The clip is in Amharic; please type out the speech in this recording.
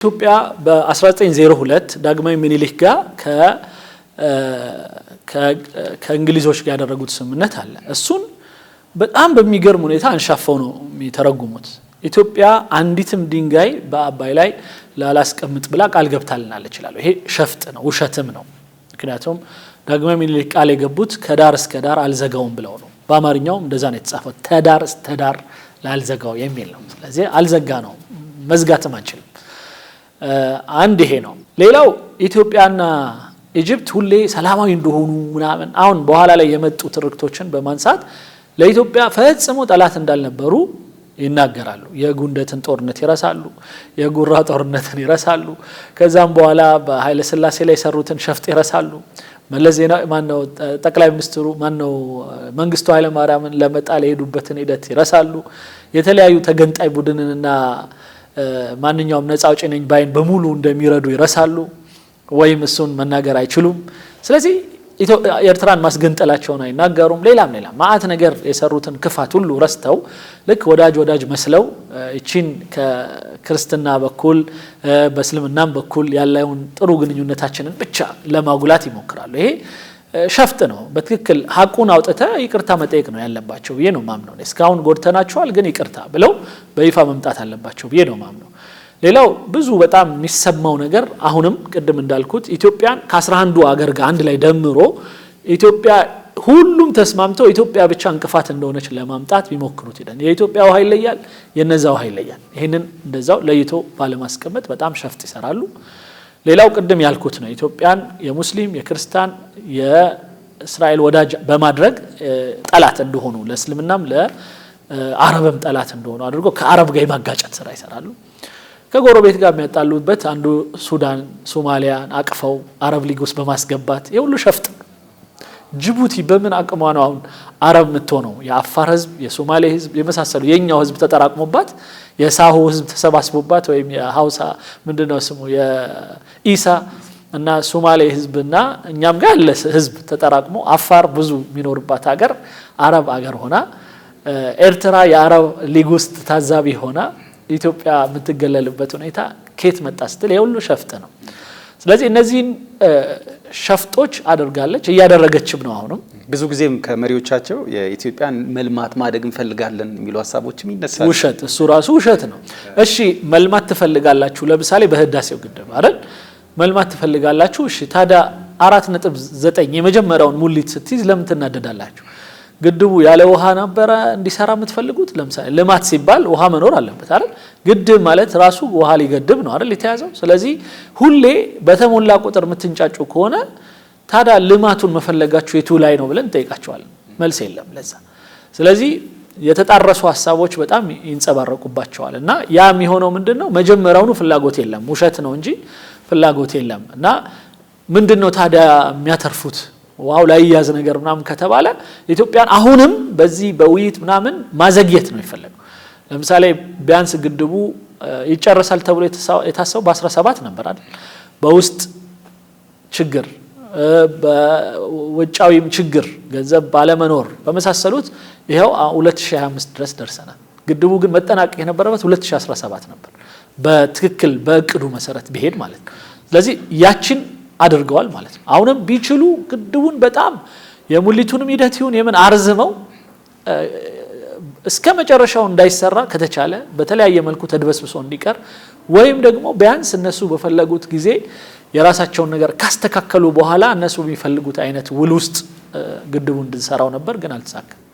ኢትዮጵያ በ1902 ዳግማዊ ምኒልክ ጋር ከእንግሊዞች ጋር ያደረጉት ስምምነት አለ። እሱን በጣም በሚገርም ሁኔታ አንሻፈው ነው የተረጉሙት ኢትዮጵያ አንዲትም ድንጋይ በአባይ ላይ ላላስቀምጥ ብላ ቃል ገብታልናለ ይችላሉ ይሄ ሸፍጥ ነው፣ ውሸትም ነው። ምክንያቱም ዳግማዊ ሚኒሊክ ቃል የገቡት ከዳር እስከ ዳር አልዘጋውም ብለው ነው። በአማርኛውም እንደዛ ነው የተጻፈው፣ ተዳር እስከ ዳር ላልዘጋው የሚል ነው። ስለዚህ አልዘጋ ነው፣ መዝጋትም አንችልም። አንድ ይሄ ነው። ሌላው ኢትዮጵያና ኢጅፕት ሁሌ ሰላማዊ እንደሆኑ ምናምን አሁን በኋላ ላይ የመጡ ትርክቶችን በማንሳት ለኢትዮጵያ ፈጽሞ ጠላት እንዳልነበሩ ይናገራሉ። የጉንደትን ጦርነት ይረሳሉ። የጉራ ጦርነትን ይረሳሉ። ከዛም በኋላ በኃይለ ሥላሴ ላይ የሰሩትን ሸፍጥ ይረሳሉ። መለስ ዜናዊ ማነው ጠቅላይ ሚኒስትሩ ማነው መንግስቱ ኃይለማርያምን ለመጣል የሄዱበትን ሂደት ይረሳሉ። የተለያዩ ተገንጣይ ቡድንንና ማንኛውም ነጻ አውጪ ነኝ ባይን በሙሉ እንደሚረዱ ይረሳሉ፣ ወይም እሱን መናገር አይችሉም። ስለዚህ ኤርትራን ማስገንጠላቸውን አይናገሩም። ሌላም ሌላ ማአት ነገር የሰሩትን ክፋት ሁሉ ረስተው ልክ ወዳጅ ወዳጅ መስለው እቺን ከክርስትና በኩል በእስልምናም በኩል ያለውን ጥሩ ግንኙነታችንን ብቻ ለማጉላት ይሞክራሉ። ይሄ ሸፍጥ ነው። በትክክል ሀቁን አውጥተ ይቅርታ መጠየቅ ነው ያለባቸው ብዬ ነው ማምነው። እስካሁን ጎድተናቸዋል፣ ግን ይቅርታ ብለው በይፋ መምጣት አለባቸው ብዬ ነው ማምነው። ሌላው ብዙ በጣም የሚሰማው ነገር አሁንም ቅድም እንዳልኩት ኢትዮጵያን ከአስራ አንዱ አገር ጋር አንድ ላይ ደምሮ ኢትዮጵያ ሁሉም ተስማምተው ኢትዮጵያ ብቻ እንቅፋት እንደሆነች ለማምጣት ቢሞክሩት ይደን የኢትዮጵያ ውሃ ይለያል፣ የነዛ ውሃ ይለያል። ይህንን እንደዛው ለይቶ ባለማስቀመጥ በጣም ሸፍጥ ይሰራሉ። ሌላው ቅድም ያልኩት ነው። ኢትዮጵያን የሙስሊም የክርስቲያን የእስራኤል ወዳጅ በማድረግ ጠላት እንደሆኑ ለእስልምናም ለአረብም ጠላት እንደሆኑ አድርጎ ከአረብ ጋር የማጋጨት ስራ ይሰራሉ። ከጎረቤት ጋር የሚያጣሉበት አንዱ ሱዳን፣ ሶማሊያን አቅፈው አረብ ሊግ ውስጥ በማስገባት የሁሉ ሸፍጥ ጅቡቲ በምን አቅሟ ነው አሁን አረብ የምትሆነው? የአፋር ህዝብ፣ የሶማሌ ህዝብ የመሳሰሉ የእኛው ህዝብ ተጠራቅሞባት የሳሆ ህዝብ ተሰባስቦባት ወይም የሀውሳ ምንድነው ስሙ የኢሳ እና ሶማሌ ህዝብና እኛም ጋር ያለ ህዝብ ተጠራቅሞ አፋር ብዙ የሚኖርባት ሀገር አረብ አገር ሆና ኤርትራ የአረብ ሊግ ውስጥ ታዛቢ ሆና ኢትዮጵያ የምትገለልበት ሁኔታ ኬት መጣ ስትል የሁሉ ሸፍጥ ነው። ስለዚህ እነዚህን ሸፍጦች አድርጋለች እያደረገችም ነው። አሁንም ብዙ ጊዜም ከመሪዎቻቸው የኢትዮጵያን መልማት ማደግ እንፈልጋለን የሚሉ ሀሳቦችም ይነሳል። ውሸት እሱ ራሱ ውሸት ነው። እሺ መልማት ትፈልጋላችሁ፣ ለምሳሌ በህዳሴው ግድብ አይደል መልማት ትፈልጋላችሁ። እሺ ታዲያ አራት ነጥብ ዘጠኝ የመጀመሪያውን ሙሊት ስትይዝ ለምን ትናደዳላችሁ? ግድቡ ያለ ውሃ ነበረ እንዲሰራ የምትፈልጉት? ለምሳሌ ልማት ሲባል ውሃ መኖር አለበት አይደል? ግድብ ማለት ራሱ ውሃ ሊገድብ ነው አይደል የተያዘው። ስለዚህ ሁሌ በተሞላ ቁጥር የምትንጫጩ ከሆነ ታዲያ ልማቱን መፈለጋችሁ የቱ ላይ ነው ብለን እንጠይቃቸዋለን። መልስ የለም ለዛ። ስለዚህ የተጣረሱ ሀሳቦች በጣም ይንጸባረቁባቸዋል እና ያ የሚሆነው ምንድን ነው? መጀመሪያውኑ ፍላጎት የለም ውሸት ነው እንጂ ፍላጎት የለም እና ምንድን ነው ታዲያ የሚያተርፉት ዋው ላይ ያዝ ነገር ምናምን ከተባለ ኢትዮጵያን አሁንም በዚህ በውይይት ምናምን ማዘግየት ነው የፈለገው። ለምሳሌ ቢያንስ ግድቡ ይጨረሳል ተብሎ የታሰበው በ17 ነበር አይደል? በውስጥ ችግር፣ በውጫዊም ችግር፣ ገንዘብ ባለመኖር በመሳሰሉት ይኸው 2025 ድረስ ደርሰናል። ግድቡ ግን መጠናቀቅ የነበረበት 2017 ነበር፣ በትክክል በእቅዱ መሰረት ቢሄድ ማለት ነው። ስለዚህ ያችን አድርገዋል ማለት ነው። አሁንም ቢችሉ ግድቡን በጣም የሙሊቱንም ሂደት ይሁን የምን አርዝመው እስከ መጨረሻው እንዳይሰራ ከተቻለ በተለያየ መልኩ ተድበስብሶ እንዲቀር ወይም ደግሞ ቢያንስ እነሱ በፈለጉት ጊዜ የራሳቸውን ነገር ካስተካከሉ በኋላ እነሱ የሚፈልጉት አይነት ውል ውስጥ ግድቡ እንድንሰራው ነበር፣ ግን አልተሳካም።